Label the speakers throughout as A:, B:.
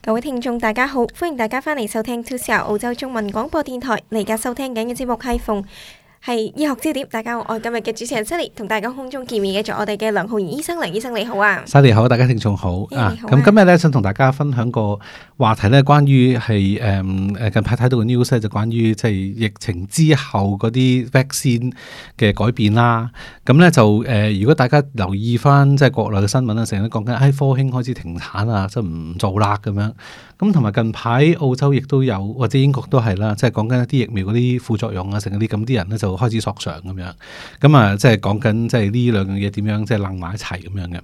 A: 各位聽眾，ung, 大家好，歡迎大家翻嚟收聽《Today 澳洲中文廣播電台。你而家收聽緊嘅節目係《逢係醫學焦點，大家好，我今日嘅主持人 Sunny 同大家空中見面嘅就我哋嘅梁浩然醫生，梁醫生你好啊，Sunny 好，大家聽眾好、yeah, 好啊，咁、啊、今日咧想同大家分享個話題咧，關於係誒誒近排睇到嘅 news 就關於即係疫情之後嗰啲 vaccine 嘅改變啦，咁咧就誒、呃、如果大家留意翻即係國內嘅新聞啦，成日都講緊誒科興開始停產啊，即係唔做啦咁樣。咁同埋近排澳洲亦都有，或者英國都係啦，即係講緊一啲疫苗嗰啲副作用啊，成嗰啲咁啲人咧就開始索償咁樣。咁、嗯、啊，即係講緊即係呢兩樣嘢點、即係、樣即係攬埋一齊咁樣嘅。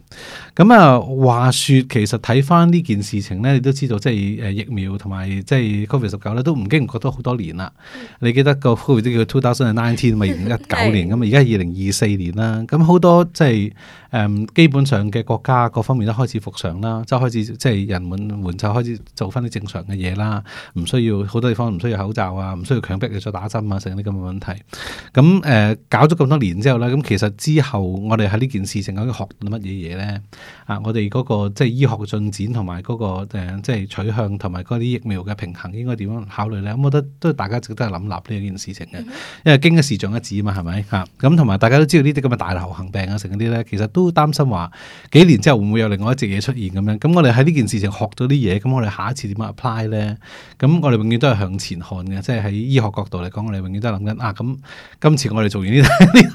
A: 咁、嗯、啊，話說其實睇返呢件事情咧，你都知道即係誒疫苗同埋即係 COVID 十九咧，都唔經唔覺得好多年啦。 你記得個 COVID 都叫 Two Thousand and Nineteen 咪二零一九年咁啊，而家二零二四年啦。咁好多即係。基本上嘅國家各方面都開始復常啦，即係開始即係人們換就開始做翻啲正常嘅嘢啦，唔需要好多地方，唔需要口罩啊，唔需要強迫佢再打針啊，成啲咁嘅問題。咁誒、呃、搞咗咁多年之後呢，咁其實之後我哋喺呢件事情可以學到乜嘢嘢呢？啊，我哋嗰個即係醫學嘅進展同埋嗰個、呃、即係取向同埋嗰啲疫苗嘅平衡應該點樣考慮呢？我覺得都大家值得諗諗呢件事情嘅，因為經一事長一智嘛係咪嚇？咁同埋大家都知道呢啲咁嘅大流行病啊，成啲呢其實都。都擔心話幾年之後會唔會有另外一隻嘢出現咁樣？咁我哋喺呢件事情學咗啲嘢，咁我哋下一次點樣 apply 咧？咁我哋永遠都係向前看嘅，即係喺醫學角度嚟講，我哋永遠都係諗緊啊！咁今次我哋做完呢呢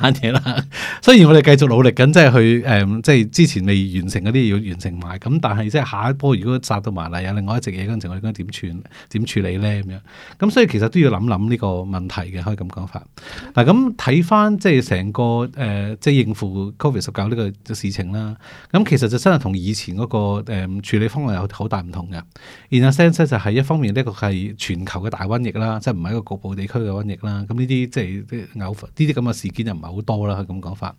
A: 單嘢啦， 雖然我哋繼續努力緊，即係去誒、嗯，即係之前未完成嗰啲要完成埋。咁但係即係下一波如果殺到埋嚟，有另外一隻嘢嗰陣時，我哋點處點處理咧？咁樣咁，所以其實都要諗諗呢個問題嘅，可以咁講法。嗱、啊，咁睇翻即係成個誒、呃，即係應付 COVID 十九呢、這個。嘅事情啦，咁其實就真係同以前嗰個誒處理方案有好大唔同嘅。然後 sense 咧就係一方面呢個係全球嘅大瘟疫啦，即係唔係一個局部地區嘅瘟疫啦。咁呢啲即係啲偶呢啲咁嘅事件就唔係好多啦。咁講法，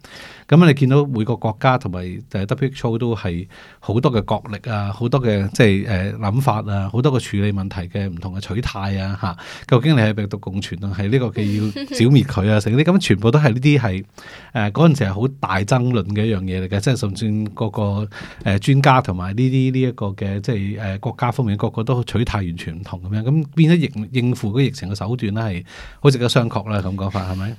A: 咁你見到每個國家同埋 w 朗普都係好多嘅角力啊，好多嘅即係誒諗法啊，好多嘅處理問題嘅唔同嘅取態啊，嚇。究竟你係病毒共存定係呢個嘅要剿滅佢啊？成啲咁全部都係呢啲係誒嗰陣時係好大爭論嘅一樣嘢。嘢嚟嘅，即係甚至個個誒專家同埋呢啲呢一個嘅，即係誒國家方面，個個都取態完全唔同咁樣，咁變咗疫應付嗰個疫情嘅手段咧，係好值得商榷啦，咁講法係咪？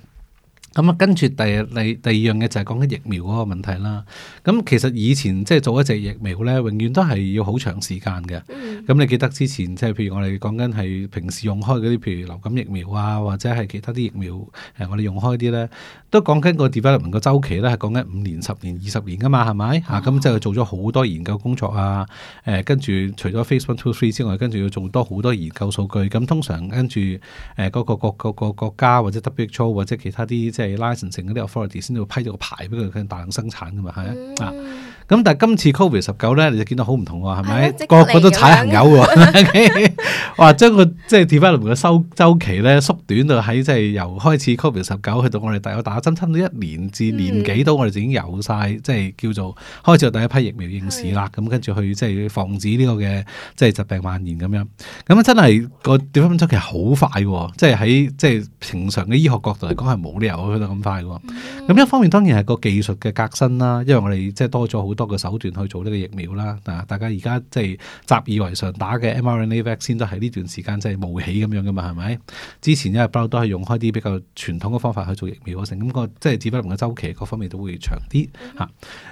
A: 咁啊，跟住第第第二樣嘢就係講緊疫苗嗰個問題啦。咁其實以前即係做一隻疫苗咧，永遠都係要好長時間嘅。咁、嗯、你記得之前即係譬如我哋講緊係平時用開嗰啲，譬如流感疫苗啊，或者係其他啲疫苗誒，我哋用開啲咧。都講緊個 development 嘅周期咧，係講緊五年、十年、二十年噶嘛，係咪？嚇咁即係佢做咗好多研究工作啊！誒，跟住除咗 Facebook、Two、Three 之外，跟住要做多好多研究數據。咁通常跟住誒嗰個各各各國家或者 WHO 或者其他啲即係 licensing 嗰啲 authority 先至會批咗個牌俾佢佢大量生產噶嘛，係啊！咁、嗯嗯嗯嗯、但係今次 COVID 十九咧，你就見到好唔同喎，係咪？個即個都踩行友喎、啊，哇！ 將個即係 development 嘅收週期咧縮短到喺即係由開始 COVID 十九去到我哋大家打。爭差唔多一年至年幾度，我哋已經有晒，即係叫做開始有第一批疫苗應試啦。咁跟住去，即係防止呢個嘅即係疾病蔓延咁樣。咁真係個點樣分析？其實好快喎、哦！即係喺即係平常嘅醫學角度嚟講，係冇理由去到咁快嘅、哦。咁 一方面當然係個技術嘅革新啦，因為我哋即係多咗好多嘅手段去做呢個疫苗啦。啊，大家而家即係習以為常打嘅 mRNA vaccine 都喺呢段時間即係冒起咁樣嘅嘛，係咪？之前一向都係用開啲比較傳統嘅方法去做疫苗個即係指不了個周期，各方面都會長啲吓。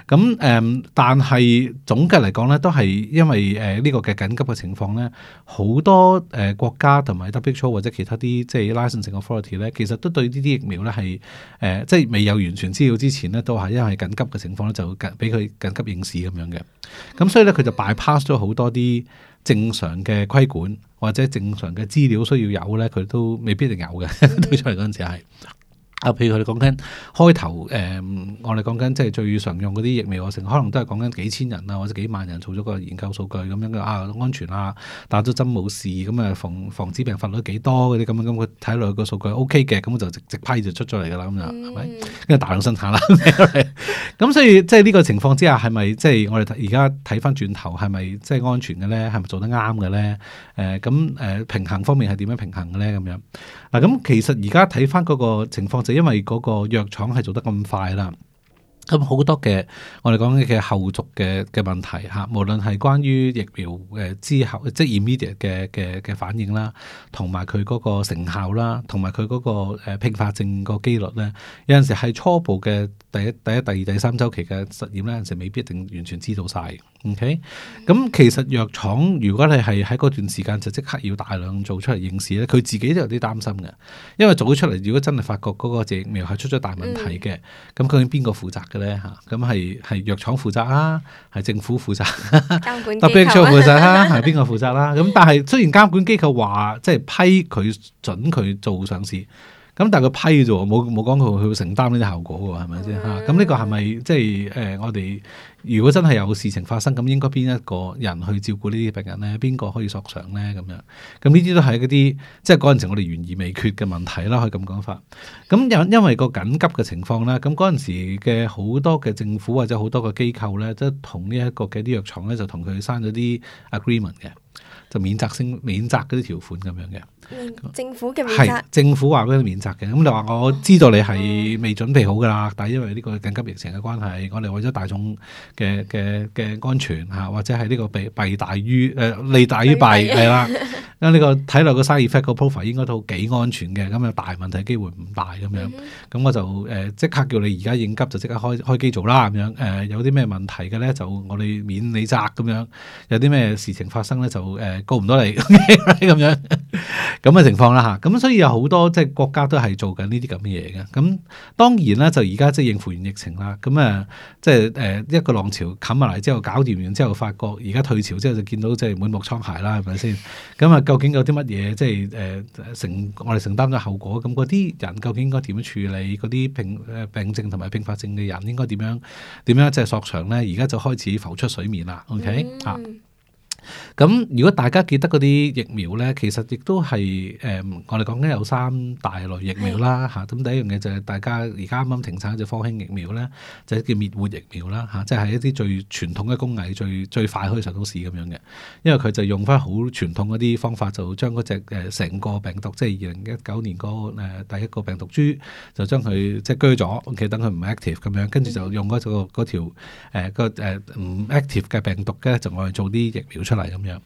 A: 咁誒、嗯嗯，但係總嘅嚟講咧，都係因為誒呢個嘅緊急嘅情況咧，好多誒國家同埋 WHO 或者其他啲即係、就是、licensing authority 咧，其實都對呢啲疫苗咧係誒即係未有完全資料之前呢，都係因為緊急嘅情況咧，就緊俾佢緊急應市咁樣嘅。咁、嗯、所以咧，佢就 bypass 咗好多啲正常嘅規管或者正常嘅資料需要有咧，佢都未必一定有嘅。推出嚟嗰陣時係。啊，譬如佢哋講緊開頭，誒、嗯，我哋講緊即係最常用嗰啲疫苗啊，可能都係講緊幾千人啊，或者幾萬人做咗個研究數據咁樣嘅啊，安全啊，打咗針冇事，咁啊防防止病發率幾多嗰啲咁樣咁，佢睇落去個數據 O K 嘅，咁就直直批就出咗嚟噶啦，咁、嗯、就係咪跟住大量生產啦？咁 所以即係呢個情況之下，係咪即係我哋而家睇翻轉頭係咪即係安全嘅咧？係咪做得啱嘅咧？誒咁誒平衡方面係點樣平衡嘅咧？咁樣嗱，咁、啊、其實而家睇翻嗰個情況。因為嗰個藥廠係做得咁快啦，咁好多嘅我哋講嘅嘅後續嘅嘅問題吓，無論係關於疫苗誒之後嘅即 immediate 嘅嘅嘅反應啦，同埋佢嗰個成效啦，同埋佢嗰個誒併發症個幾率咧，有陣時係初步嘅第一第一第二第三周期嘅實驗咧，有時未必一定完全知道晒。OK，咁其實藥廠如果你係喺嗰段時間就即刻要大量做出嚟應市咧，佢自己都有啲擔心嘅，因為做出嚟如果真係發覺嗰個疫苗係出咗大問題嘅，咁、嗯、究竟邊個負責嘅咧嚇？咁係係藥廠負責啊，係政府負責、啊，監管機構負、啊、 責啦、啊，係邊個負責啦、啊？咁但係雖然監管機構話即係批佢準佢做上市。咁但係佢批咗，冇冇講佢佢承擔呢啲效果喎，係咪先？吓咁呢個係咪即係誒？我哋如果真係有事情發生，咁應該邊一個人去照顧呢啲病人咧？邊個可以索償咧？咁樣，咁呢啲都係嗰啲，即係嗰陣時我哋懸而未決嘅問題啦。可以咁講法。咁因因為個緊急嘅情況咧，咁嗰陣時嘅好多嘅政府或者好多嘅機構咧，即係同呢一個嘅啲藥廠咧，就同佢刪咗啲 agreement 嘅，就免責性免責嗰啲條款咁樣嘅。嗯、政府嘅免責，係政府話俾你免責嘅？咁你話我知道你係未準備好噶啦，哦、但係因為呢個緊急疫情嘅關係，我哋為咗大眾嘅嘅嘅安全吓，或者係呢個弊弊大於誒、呃、利大於弊係啦。因為呢個睇嚟個 side effect 個 profile 應該都幾安全嘅，咁啊大問題機會唔大咁樣。咁、嗯、哼我就誒即、呃、刻叫你而家應急就即刻開開機做啦咁樣。誒、呃、有啲咩問題嘅咧，就我哋免你責咁樣,樣。有啲咩事情發生咧，就誒告唔到你咁樣。咁嘅情況啦吓，咁、啊、所以有好多即係國家都係做緊呢啲咁嘅嘢嘅。咁、啊、當然啦，就而家即係應付完疫情啦。咁啊，即係誒一個浪潮冚埋嚟之後，搞掂完之後，發覺而家退潮之後就見到即係滿目瘡痍啦，係咪先？咁啊，究竟有啲乜嘢即係誒承我哋承擔咗後果？咁嗰啲人究竟應該點樣處理嗰啲病誒病症同埋併發症嘅人應該點樣點樣即係索償咧？而家就開始浮出水面啦。OK 啊、嗯。咁如果大家記得嗰啲疫苗咧，其實亦都係誒，我哋講緊有三大類疫苗啦嚇。咁、mm hmm. 第一樣嘢就係大家而家啱啱停產嗰隻科興疫苗咧，就係叫滅活疫苗啦嚇、嗯，即係一啲最傳統嘅工藝，最最快可以上到市咁樣嘅。因為佢就用翻好傳統嗰啲方法就將，就將嗰隻誒成個病毒，即係二零一九年個誒、呃、第一個病毒株，就將佢即係鋸咗等佢唔 active 咁樣，跟住就用嗰個嗰條唔 active 嘅病毒咧，就我去做啲疫苗。出嚟咁樣，咁、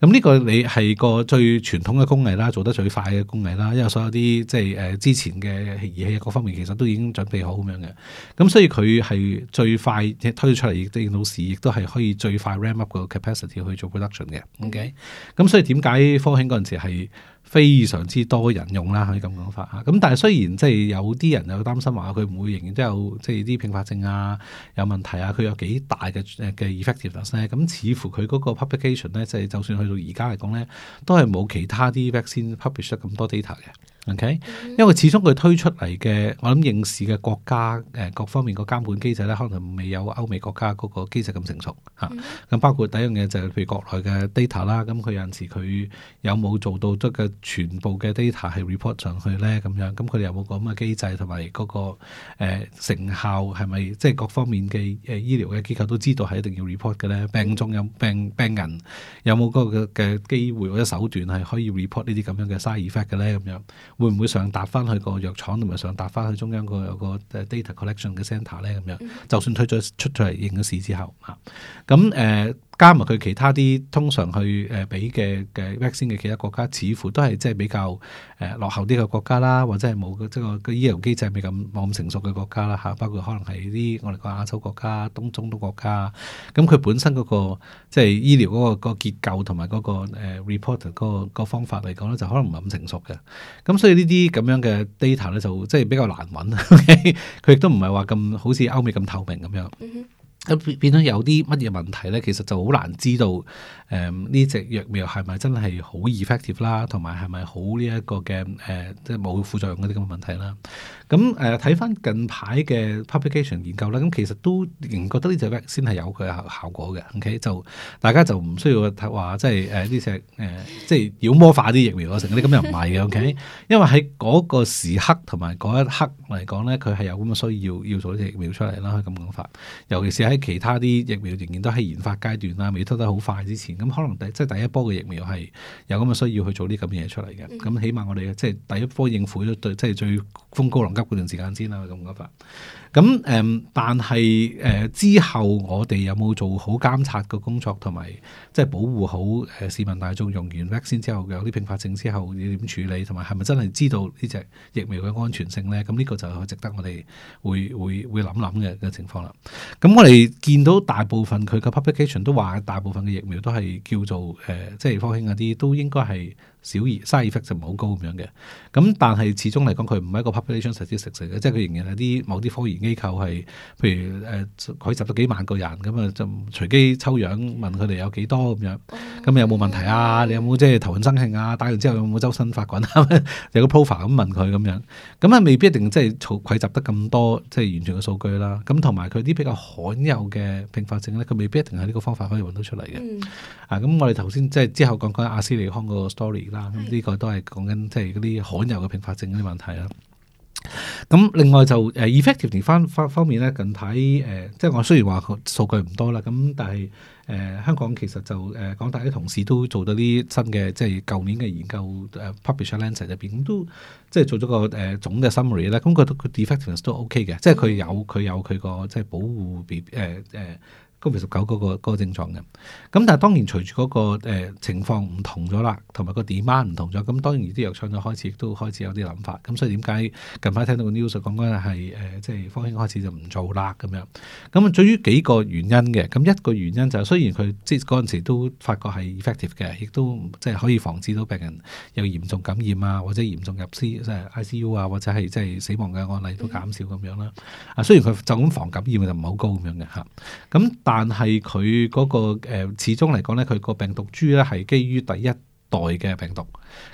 A: 嗯、呢、這個你係個最傳統嘅工藝啦，做得最快嘅工藝啦，因為所有啲即係誒、呃、之前嘅儀器各方面其實都已經準備好咁樣嘅，咁、嗯、所以佢係最快推出嚟，亦都到時亦都係可以最快 ramp up 個 capacity 去做 production 嘅。OK，咁、嗯、所以點解科興嗰陣時係，非常之多人用啦，可以咁講法嚇。咁但係雖然即係有啲人有擔心話佢唔會仍然都有即係啲併發症啊、有問題啊，佢有幾大嘅嘅 effectiveness 咧？咁似乎佢嗰個 publication 咧，即係就算去到而家嚟講咧，都係冇其他啲 vaccine publish 咗咁多 data 嘅。OK，因為始終佢推出嚟嘅，我諗應試嘅國家誒、呃、各方面個監管機制咧，可能未有歐美國家嗰個機制咁成熟嚇。咁、啊嗯、包括第一樣嘢就係譬如國內嘅 data 啦、嗯，咁佢有陣時佢有冇做到即係全部嘅 data 係 report 上去咧？咁樣咁佢哋有冇咁嘅機制同埋嗰個、呃、成效係咪即係各方面嘅誒醫療嘅機構都知道係一定要 report 嘅咧？嗯、病中有病病人有冇嗰個嘅機會或者手段係可以 report 呢啲咁樣嘅 side effect 嘅咧？咁樣？會唔會想搭返去個藥廠，定係想搭返去中央個有個 data collection 嘅 centre 呢？咁樣 就算推咗出咗嚟認咗事之後，嚇咁誒。加埋佢其他啲通常去誒比嘅嘅 west 先嘅其他國家，似乎都係即係比較誒、呃、落後啲嘅國家啦，或者係冇個即個醫療機制未咁冇咁成熟嘅國家啦吓，包括可能係啲我哋個亞洲國家、東中東國家，咁佢本身嗰、那個即係醫療嗰、那個、那個結構同埋嗰個誒 reporter 嗰個、那個方法嚟講咧，就可能唔係咁成熟嘅。咁所以這這呢啲咁樣嘅 data 咧，就即係比較難揾。佢亦都唔係話咁好似歐美咁透明咁樣。Mm hmm. 咁變變咗有啲乜嘢問題呢？其實就好難知道。誒呢隻疫苗係咪真係好 effective 啦？同埋係咪好呢一個嘅誒即係冇副作用嗰啲咁嘅問題啦？咁誒睇翻近排嘅 publication 研究啦，咁、嗯、其實都仍覺得呢隻藥先係有佢效效果嘅。OK，就大家就唔需要話即係誒呢隻誒即係妖魔化啲疫苗嗰成，嗰啲咁又唔係嘅。OK，因為喺嗰個時刻同埋嗰一刻嚟講咧，佢係有咁嘅需要要做呢隻疫苗出嚟啦。咁講法，尤其是喺其他啲疫苗仍然都喺研發階段啦，未出得好快之前。咁可能第即係第一波嘅疫苗係有咁嘅需要去做啲咁嘅嘢出嚟嘅，咁、嗯、起碼我哋即係第一波應付都對，即係最風高浪急段時間先啦，咁覺法。咁誒、嗯、但係誒、呃、之後我哋有冇做好監察嘅工作，同埋即係保護好誒市民大眾用完 vaccine 之後有啲併發症之後要點處理，同埋係咪真係知道呢隻疫苗嘅安全性咧？咁呢個就係值得我哋會會會諗諗嘅嘅情況啦。咁我哋見到大部分佢嘅 publication 都話大部分嘅疫苗都係。叫做誒、呃，即係方興嗰啲，都應該係。小而 s i d f f 唔係好高咁樣嘅，咁但係始終嚟講佢唔係一個 population s t a t 嘅，即係佢仍然係啲某啲科研機構係，譬如誒，攏集咗幾萬個人，咁啊就隨機抽樣問佢哋有幾多咁樣，咁有冇問題啊？你有冇即係頭暈身慶啊？打完之後有冇周身發滾？有個 proverb 咁問佢咁樣，咁啊未必一定即係攏集得咁多即係完全嘅數據啦。咁同埋佢啲比較罕有嘅併發症咧，佢未必一定係呢個方法可以揾到出嚟嘅。啊，咁我哋頭先即係之後講講阿斯利康個 story。啦，咁呢、嗯這個都係講緊即係嗰啲罕有嘅併發症嗰啲問題啦。咁、嗯、另外就誒、 uh, effectiveness 方方方面咧，近排誒、呃，即係我雖然話數據唔多啦，咁但係誒、呃、香港其實就誒，廣大啲同事都做咗啲新嘅，即係舊年嘅研究誒 publication 集入邊，咁、uh, 都即係做咗個誒、呃、總嘅 summary 咧。咁佢佢 effectiveness 都 OK 嘅，即係佢有佢有佢個即係保護 B 誒高鼻十九嗰、嗰個、嗰個症狀嘅，咁但係當然隨住嗰、嗰個、呃、情況唔同咗啦，同埋個 demand 唔同咗，咁當然啲藥廠就開始都開始有啲諗法，咁、嗯、所以點解近排聽到個 news 講緊係誒，即係科興開始就唔做啦咁樣，咁、嗯、啊，至於幾個原因嘅，咁一個原因就係雖然佢即係嗰時都發覺係 effective 嘅，亦都即係可以防止到病人有嚴重感染啊，或者嚴重入 C 即係 ICU 啊，或者係即係死亡嘅案例都減少咁樣啦，啊，雖然佢就咁防感染就唔好高咁樣嘅嚇，咁。嗯但係佢嗰個誒，始終嚟講咧，佢個病毒株咧係基於第一代嘅病毒。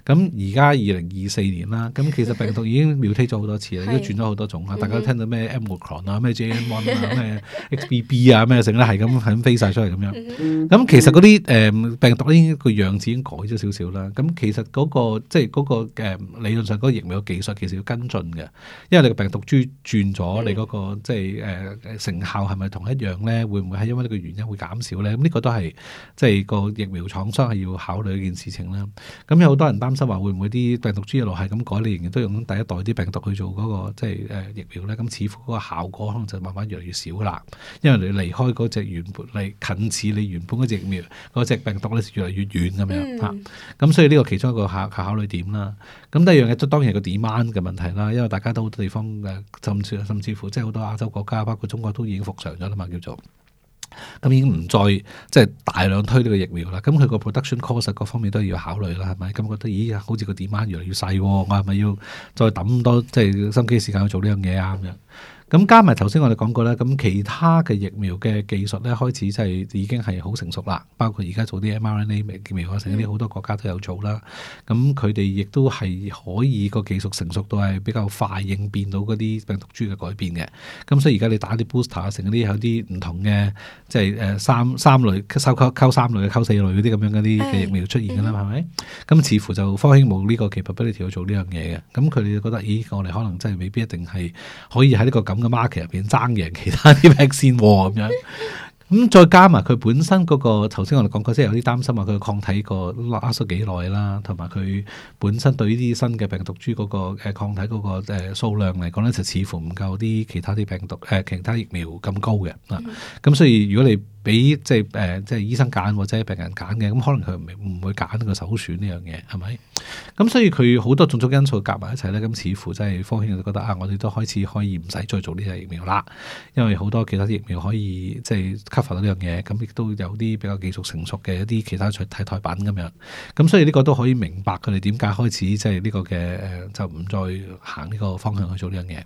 A: 咁而家二零二四年啦，咁其實病毒已經 mutate 咗好多次啦，已經轉咗好多種啦， 大家都聽到咩 Omicron 啊，咩 JN1 啊，咩 XBB 啊，咩剩啦，係咁肯飛晒出嚟咁樣。咁 其實嗰啲誒病毒已經個樣子已經改咗少少啦。咁其實嗰、那個即係、就是那個理論上嗰個疫苗嘅技術其實要跟進嘅，因為你個病毒株轉咗， 你嗰、那個即係、就是呃、成效係咪同一樣呢？會唔會係因為呢個原因會減少呢？呢、嗯、個都係即係個疫苗廠商係要考慮一件事情啦。咁、嗯、有好多。可能擔心話會唔會啲病毒株一路係咁改，你仍然都用第一代啲病毒去做嗰、嗰個即係誒疫苗咧？咁似乎嗰個效果可能就慢慢越嚟越少啦，因為你離開嗰隻原本，嚟近似你原本嗰隻疫苗嗰隻病毒咧越嚟越遠咁樣嚇。咁、啊嗯啊嗯、所以呢個其中一個考考慮點啦。咁第二樣嘢就當然係個 demand 嘅問題啦，因為大家都好多地方誒，甚至甚至乎即係好多亞洲國家，包括中國都已經復常咗啦嘛，叫做。咁已經唔再即係大量推呢個疫苗啦，咁佢個 production cost 各方面都要考慮啦，係咪？咁覺得咦，好似個 demand 越嚟越細，我係咪要再抌多即係、就是、心機時間去做呢樣嘢啊？咁樣。咁加埋頭先我哋講過啦，咁其他嘅疫苗嘅技術咧開始即係已經係好成熟啦。包括而家做啲 mRNA 疫苗啊，成啲，好多國家都有做啦。咁佢哋亦都係可以、這個技術成熟到係比較快應變到嗰啲病毒株嘅改變嘅。咁所以而家你打啲 booster 啊，成啲有啲唔同嘅，即係誒三三類、收購溝三類、溝四類嗰啲咁樣嗰啲嘅疫苗出現噶啦，係咪、哎？咁吧似乎就科興冇呢個奇葩不離條做呢樣嘢嘅。咁佢哋覺得，咦，我哋可能真係未必一定係可以喺呢、這個咁嘅 market 入邊爭贏其他啲 ex 先喎，咁樣。咁、嗯、再加埋佢本身嗰、那個，頭先我哋講過，即係有啲擔心啊，佢個抗體個拉咗幾耐啦，同埋佢本身對呢啲新嘅病毒株嗰、那個、呃、抗體嗰、那個、呃、數量嚟講呢，就似乎唔夠啲其他啲病毒誒、呃、其他疫苗咁高嘅咁、mm hmm. 嗯嗯、所以如果你俾即係誒、呃、即係醫生揀或者病人揀嘅，咁、嗯、可能佢唔會揀個首選呢樣嘢，係咪？咁、嗯、所以佢好多種種因素夾埋一齊呢，咁、嗯、似乎即係科興就覺得啊，我哋都開始可以唔使再做呢隻疫苗啦，因為好多其他疫苗可以即係做呢樣嘢，咁亦都有啲比較技術成熟嘅一啲其他替代品咁樣，咁所以呢個都可以明白佢哋點解開始即係呢個嘅誒，就唔、是、再行呢個方向去做呢樣嘢。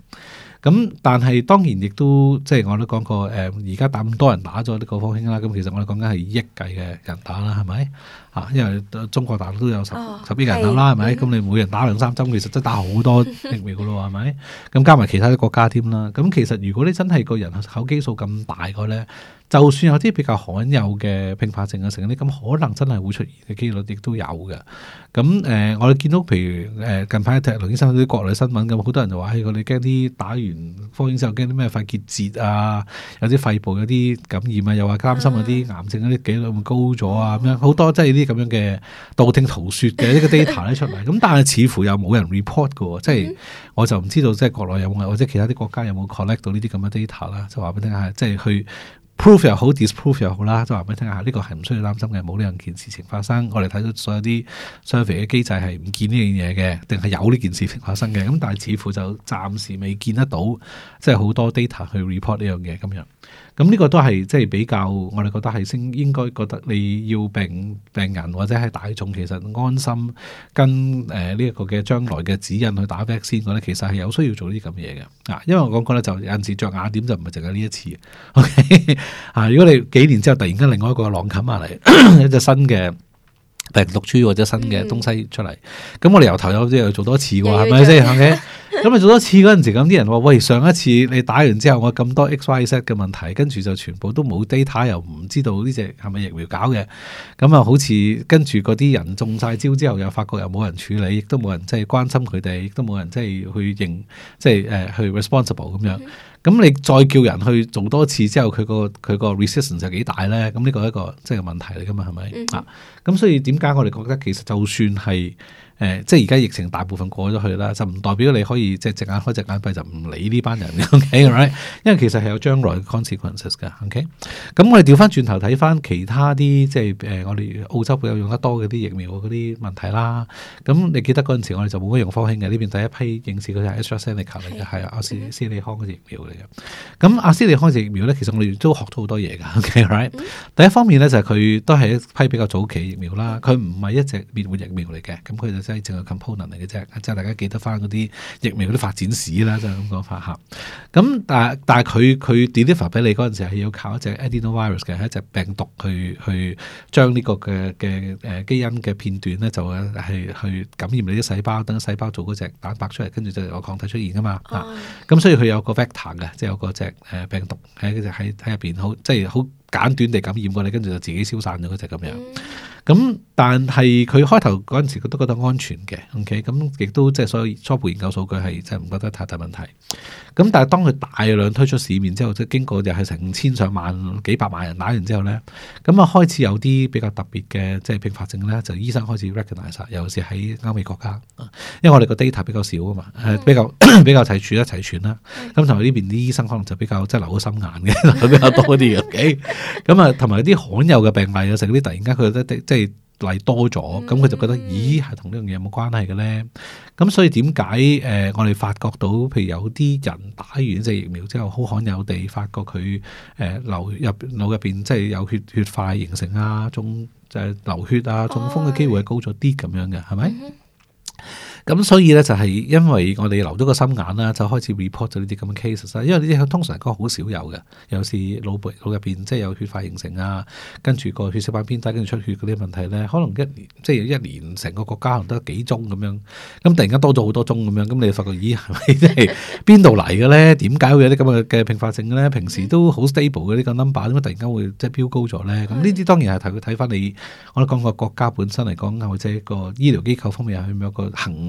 A: 咁但係當然亦都即係我都講過誒，而家打咁多人打咗呢個方向啦。咁其實我哋講緊係億計嘅人打啦，係咪？嚇，因為中國大陸都有十、哦、十億人口啦，係咪？咁的、嗯、你每人打兩三針，其實真打好多疫苗噶咯，係咪？ 咁加埋其他啲國家添啦。咁其實如果你真係個人口基數咁大嘅咧～就算有啲比較罕有嘅併發症啊、情況，呢咁可能真係會出現嘅機率亦都有嘅。咁誒、呃，我哋見到譬如誒、呃、近排睇梁醫生啲國內新聞咁，好多人就話：，我哋驚啲打完科興之後驚啲咩肺結節啊，有啲肺部有啲感染啊，又話擔心嗰啲癌症嗰啲機率會,會高咗啊咁樣。好多即係啲咁樣嘅道聽途説嘅呢個 data 出嚟。咁 但係似乎又冇人 report 嘅喎，即、就、係、是嗯、我就唔知道即係、就是、國內有冇或者其他啲國家有冇 collect 到呢啲咁嘅 data 啦，就話俾你聽下即係去。proof 又好 disproof 又好啦，都話俾你聽下，呢、啊，這個係唔需要擔心嘅，冇呢樣件事情發生。我哋睇到所有啲 survey 嘅機制係唔見呢樣嘢嘅，定係有呢件事情發生嘅。咁但係似乎就暫時未見得到，即係好多 data 去 report 呢樣嘢。今日。咁呢、嗯這個都係即係比較，我哋覺得係先應該覺得你要病病人或者係大眾，其實安心跟誒呢一個嘅將來嘅指引去打 back 先嘅咧，覺得其實係有需要做呢啲咁嘢嘅啊。因為我講過咧，就有陣時着眼點就唔係淨係呢一次。Okay? 啊，如果你幾年之後突然間另外一個浪冚下嚟， 一隻新嘅。病毒株或者新嘅東西出嚟，咁、嗯、我哋由頭有啲又做多次嘅，係咪先？咪？咁啊做多次嗰陣時，咁啲人話：喂，上一次你打完之後，我咁多 X、Y、Z 嘅問題，跟住就全部都冇 data，又唔知道呢隻係咪疫苗搞嘅。咁啊好似跟住嗰啲人中晒招之後，又發覺又冇人處理，亦都冇人即係關心佢哋，亦都冇人即係去認，即係誒去 responsible 咁樣。嗯咁你再叫人去做多次之後，佢個佢個 resistance 就幾大咧？咁呢個係一個即係問題嚟噶嘛？係咪、嗯、哼 啊？咁所以點解我哋覺得其實就算係。誒、呃，即係而家疫情大部分過咗去啦，就唔代表你可以即係隻眼開隻眼閉就唔理呢班人 okay, right? 因為其實係有將來嘅 consequences 㗎咁、okay? 嗯、我哋調翻轉頭睇翻其他啲即係、呃、我哋澳洲比較用得多嘅啲疫苗嗰啲問題啦。咁、嗯、你記得嗰陣時我哋就冇乜用科興嘅呢邊第一批應試嗰隻 AstraZeneca 嘅係阿斯利、嗯、康嘅疫苗嚟嘅。咁、嗯、阿斯利康嘅疫苗咧，其實我哋都學到好多嘢㗎、okay, right? 嗯、第一方面咧就係、是、佢都係一批比較早期疫苗啦，佢唔係一隻滅活疫苗嚟嘅，咁佢、就是即係淨係 component 嚟嘅啫，即係大家記得翻嗰啲疫苗嗰啲發展史啦，就係咁講法嚇。咁但係但係佢佢 deliver 俾你嗰陣時係要靠一隻 adenovirus 嘅，係一隻病毒去去將呢個嘅嘅誒基因嘅片段咧，就係、是、去感染你啲細胞，等細胞做嗰隻蛋白出嚟，跟住就有抗體出現噶嘛。咁、oh. 啊、所以佢有個 vector 嘅，即係有嗰隻誒病毒喺嗰喺喺入邊好，即係好。簡短地感染過你，跟住就自己消散咗，佢就係咁樣。咁但係佢開頭嗰陣時，佢都覺得安全嘅。OK，咁亦都即係所有初步研究數據係真係唔覺得太大問題。咁但係當佢大量推出市面之後，即係經過又係成千上萬、幾百萬人打完之後咧，咁啊開始有啲比較特別嘅即係併發症咧，就是、醫生開始 recognize，尤其是喺歐美國家，因為我哋個 data 比較少啊嘛，誒比較、嗯、 比較齊全一齊全啦。咁同埋呢邊啲醫生可能就比較即係留好心眼嘅，比較多啲嘅。咁啊，同埋啲罕有嘅病例啊，成啲突然間佢覺得即係。例多咗，咁佢就覺得，咦，係同呢樣嘢有冇關係嘅咧？咁所以點解誒，我哋發覺到，譬如有啲人打完隻疫苗之後，好罕有地發覺佢誒、呃、流入腦入邊，即係有血血塊形成啊，中誒、就係、流血啊，中風嘅機會係高咗啲咁樣嘅，係咪？咁、嗯、所以咧就係因為我哋留咗個心眼啦，就開始 report 咗呢啲咁嘅 cases。因為呢啲通常嚟講好少有嘅，有時腦部入邊即係有血塊形成啊，跟住個血小板偏低跟住出血嗰啲問題咧，可能一即係、就是、一年成個國家可能得幾宗咁樣，咁突然間多咗好多宗咁樣，咁你發覺咦係咪即係邊度嚟嘅咧？點、哎、解會有啲咁嘅嘅併發症咧？平時都好 stable 嘅呢、這個 number，點解突然間會即係飆高咗咧？咁呢啲當然係睇佢睇翻你，我哋講個國家本身嚟講，或者個醫療機構方面係咪有，有個行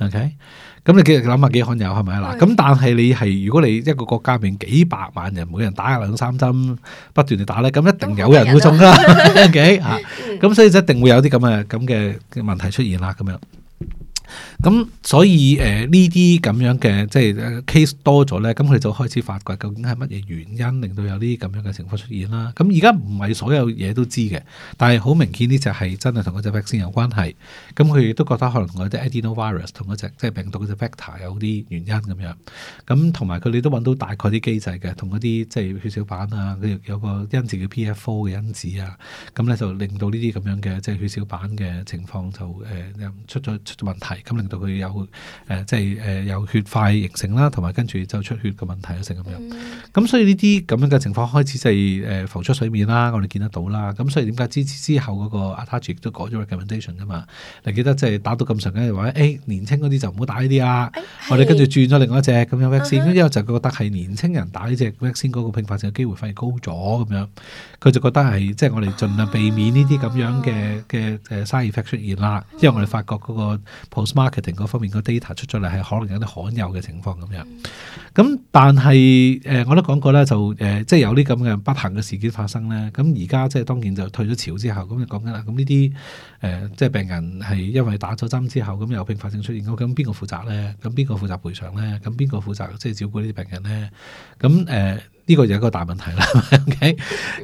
A: OK，咁你幾日諗下幾罕有係咪啊？嗱，咁是的 但係你係如果你一個國家面幾百萬人，每人打兩三針，不斷地打咧，咁一定有人會中㗎啦。OK，吓，咁所以就一定會有啲咁嘅咁嘅嘅問題出現啦，咁樣。.咁、嗯、所以誒呢啲咁樣嘅即係 case 多咗咧，咁、嗯、佢就開始發掘究竟係乜嘢原因令到有啲咁樣嘅情況出現啦。咁而家唔係所有嘢都知嘅，但係好明顯呢就係真係同嗰隻 vaccine 有關係。咁佢亦都覺得可能同嗰啲 adenovirus 同嗰隻即係病毒嗰隻 vector 有啲原因咁樣。咁同埋佢哋都揾到大概啲機制嘅，同嗰啲即係血小板啊，佢哋有個因子叫 PF4 嘅因子啊，咁、嗯、咧就令到呢啲咁樣嘅即係血小板嘅情況就誒、呃、出咗出咗問題。咁令到佢有誒，即係誒有血塊形成啦，同埋跟住就出血嘅問題，成咁樣。咁所以呢啲咁樣嘅情況開始就係誒浮出水面啦，我哋見得到啦。咁所以點解之之後嗰個 ATAGI 都改咗 recommendation 噶嘛？你記得即係打到咁長咧，話，誒，年輕嗰啲就唔好打呢啲啊。我哋跟住轉咗另外一隻，咁樣 Vaccine，因為就覺得係年青人打呢隻 Vaccine 嗰個併發症嘅機會反而高咗咁樣。佢就覺得係即係我哋盡量避免呢啲咁樣嘅嘅嘅 side effect 出現啦。因為我哋發覺嗰個 Marketing 嗰方面個 data 出咗嚟係可能有啲罕有嘅情況咁樣，咁但係誒、呃、我都講過啦，就誒、呃、即係有啲咁嘅不幸嘅事件發生咧。咁而家即係當然就退咗潮之後咁就講緊啦。咁呢啲誒即係病人係因為打咗針之後咁有併發症出現，我咁邊個負責咧？咁邊個負責賠償咧？咁邊個負責即係照顧呢啲病人咧？咁誒、呃呢個就係一個大問題啦。 OK，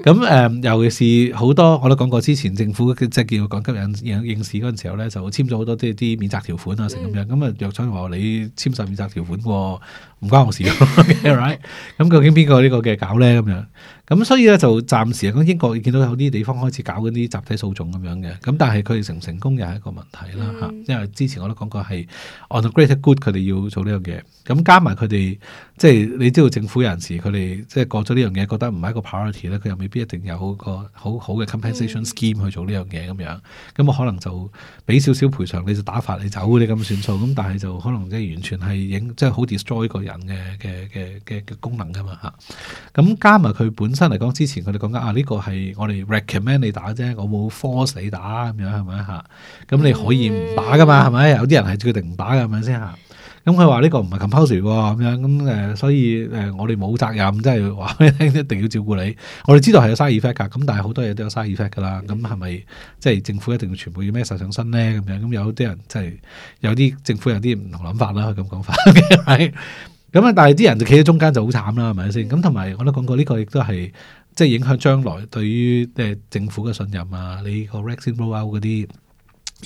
A: 咁誒、呃，尤其是好多我都講過，之前政府即係叫我講吸引引應市嗰陣時候咧，就簽咗好多啲啲免責條款啊，成咁樣。咁啊，藥廠話你簽晒免責條款喎，唔關我事。咁 Okay, right? 嗯、究竟邊個，個呢個嘅搞咧？咁樣。咁、嗯、所以咧就暫時嚟講，英國見到有啲地方開始搞嗰啲集體訴訟咁樣嘅，咁但係佢哋成唔成功又係一個問題啦嚇。嗯、因為之前我都講過係 on the greater good，佢哋要做呢樣嘢。咁加埋佢哋即係你知道政府人士佢哋即係過咗呢樣嘢，覺得唔係一個 priority 咧，佢又未必一定有個好好嘅 compensation scheme 去做呢樣嘢咁樣。咁我可能就俾少少賠償你，就打發你走你咁算數。咁但係就可能即係完全係影即係、就、好、是、destroy 個人嘅嘅嘅嘅功能噶嘛嚇。咁加埋佢本。本身嚟講，之前佢哋講緊啊，呢、這個係我哋 recommend 你打啫，我冇 force 你打咁樣係咪吓？咁你可以唔打噶嘛，係咪？有啲人係決定唔打嘅，係咪先吓？咁佢話呢個唔係 compulsive 喎，咁樣咁誒，所以誒、呃，我哋冇責任，即係話咩咧？一定要照顧你，我哋知道係有 side effect 噶，咁但係好多嘢都有 side effect 噶啦。咁係咪即係政府一定要全部要孭實上身咧？咁樣咁有啲人即係、就是、有啲政府有啲唔同諗法啦，佢咁講法。咁啊！但係啲人就企喺中間就好慘啦，係咪先？咁同埋我都講過，呢個亦都係即係影響將來對於誒政府嘅信任啊，你個 rexing roll out 嗰啲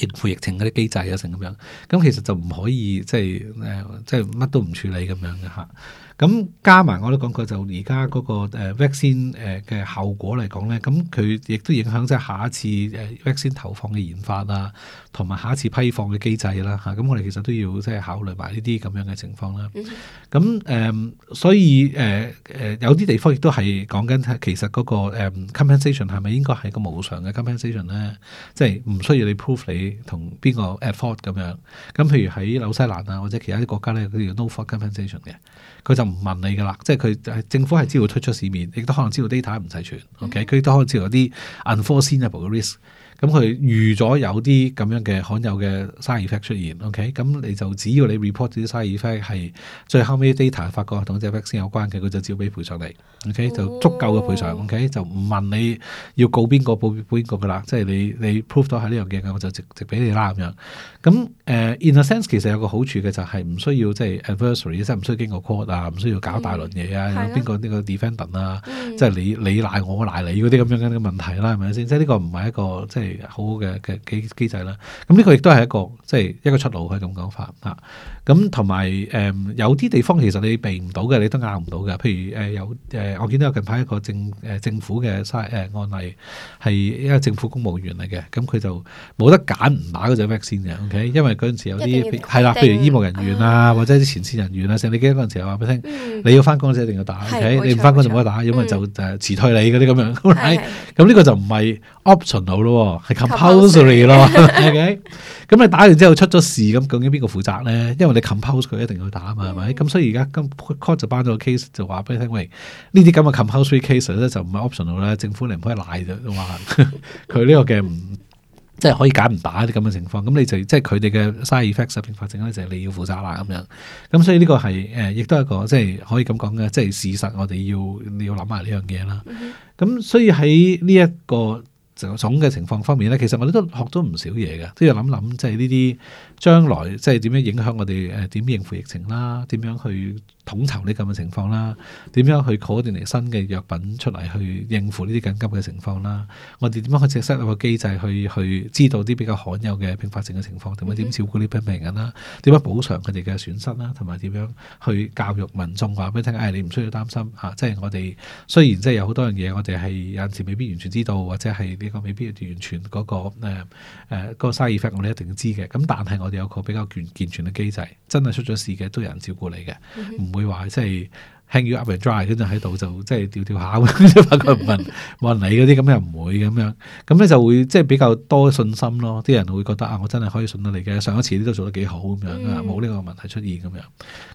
A: 應付疫情嗰啲機制啊，成咁樣。咁其實就唔可以即係誒，即係乜都唔處理咁樣嘅嚇。咁加埋我都講過，就而家嗰個誒疫苗誒嘅效果嚟講咧，咁佢亦都影響即係下一次 v 誒疫苗投放嘅研發啊，同埋下一次批放嘅機制啦嚇。咁、啊、我哋其實都要即係考慮埋呢啲咁樣嘅情況啦。咁誒、mm hmm. 嗯，所以誒誒、呃、有啲地方亦都係講緊，其實嗰個 compensation 係咪應該係個無償嘅 compensation 咧？即係唔需要你 prove 你同邊個 at fault 咁樣。咁、嗯、譬如喺紐西蘭啊，或者其他啲國家咧，佢叫 no fault compensation 嘅，佢就。唔問你噶啦，即係佢就政府係知道推出市面，亦都可能知道 data 唔齊全，OK？佢、嗯、都可能知道有啲 unforeseeable 嘅 risk，咁佢預咗有啲咁樣嘅罕有嘅 side effect 出現，OK？咁、嗯、你就只要你 report 啲 side effect 係最後尾 data 發覺同呢隻有關嘅，佢就照俾賠償你，OK？就足夠嘅賠償，OK？就唔問你要告邊個，告邊個噶啦，即係你你 prove 到係呢樣嘢，我就直直俾你啦咁樣。咁誒、嗯嗯、in a sense 其實有個好處嘅就係唔需要即係、就是、adversary，即係唔需要經過 court 啊，唔需要搞大輪嘢啊，邊、嗯、個呢、嗯、個 defendant 啊，即係你你賴我，我賴你嗰啲咁樣嘅問題啦，係咪先？即係呢個唔係一個即係好嘅嘅機機制啦。咁、嗯、呢、這個亦都係一個即係一個出路嘅咁講法嚇。咁同埋誒，有啲地方其實你避唔到嘅，你都拗唔到嘅。譬如誒、呃、有誒、呃，我見到近排一個政誒、呃、政府嘅誒案例，係一個政府公務員嚟嘅，咁、嗯、佢就冇得揀唔打嗰隻 vaccine 嘅。因為嗰陣時有啲係啦，譬如醫務人員啊，或者啲前線人員啊，成你記得嗰陣時話俾你聽，你要翻工先一定要打，OK，你唔翻工就唔可以打，因為就就辭退你嗰啲咁樣。咁呢個就唔係 optional 咯，係 compulsory 咯。OK，咁你打完之後出咗事咁究竟邊個負責咧？因為你 compulsive 佢一定要打啊嘛，係咪？咁所以而家今 court 就班咗個 case 就話俾你聽，喂，呢啲咁嘅 compulsory case 就唔係 optional 啦，政府你唔可以賴嘅，都話佢呢個嘅唔。即係可以揀唔打啲咁嘅情況，咁你就即係佢哋嘅 side effect、副作用咧，就係、是、你要負責啦咁樣。咁所以呢個係誒、呃，亦都係一個即係可以咁講嘅，即係事實我。我哋要要諗下呢樣嘢啦。咁、嗯、哼所以喺呢一個總嘅情況方面咧，其實我哋都學咗唔少嘢嘅，都要諗諗即係呢啲將來即係點樣影響我哋誒，點、呃、應付疫情啦，點樣去。統籌呢咁嘅情況啦，點樣去確定嚟新嘅藥品出嚟去應付呢啲緊急嘅情況啦？我哋點樣去設立個機制去去知道啲比較罕有嘅併發症嘅情況，同埋點照顧呢啲病人啦？點樣補償佢哋嘅損失啦？同埋點樣去教育民眾話俾你聽？你唔需要擔心嚇、啊，即係我哋雖然即係有好多樣嘢，我哋係有時未必完全知道，或者係呢個未必完全嗰、那個誒誒嗰個細爾發，我哋一定要知嘅。咁但係我哋有個比較健全嘅機制，真係出咗事嘅都有人照顧你嘅，唔、嗯、會。佢話即係 hang you up and dry，跟住喺度就即係調調下佢唔問冇人理嗰啲，咁又唔會咁樣，咁咧就會即係比較多信心咯。啲人會覺得啊，我真係可以信得你嘅。上一次啲都做得幾好咁樣，冇呢個問題出現咁樣。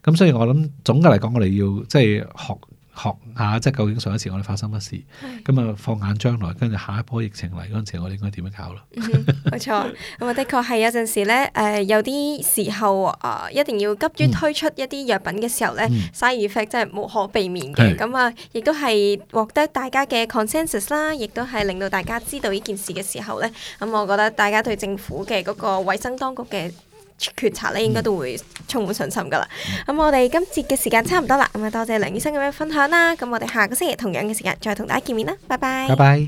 A: 咁所以我諗總嘅嚟講，我哋要即係學。學下、啊、即係究竟上一次我哋發生乜事，咁啊的放眼將來，跟住下一波疫情嚟嗰陣時，我哋應該點樣搞咯？冇、嗯、錯，咁啊，的確係有陣時咧，誒有啲時候啊、 呃呃，一定要急於推出一啲藥品嘅時候咧，side effect 真係無可避免嘅。咁、嗯、啊，亦都係獲得大家嘅 consensus 啦，亦都係令到大家知道呢件事嘅時候咧，咁我覺得大家對政府嘅嗰個衞生當局嘅。決策咧，應該都會充滿信心㗎喇。咁、嗯嗯、我哋今節嘅時間差唔多喇，咁啊多謝梁醫生噉樣分享啦。咁我哋下個星期同樣嘅時間再同大家見面啦，拜拜。拜拜。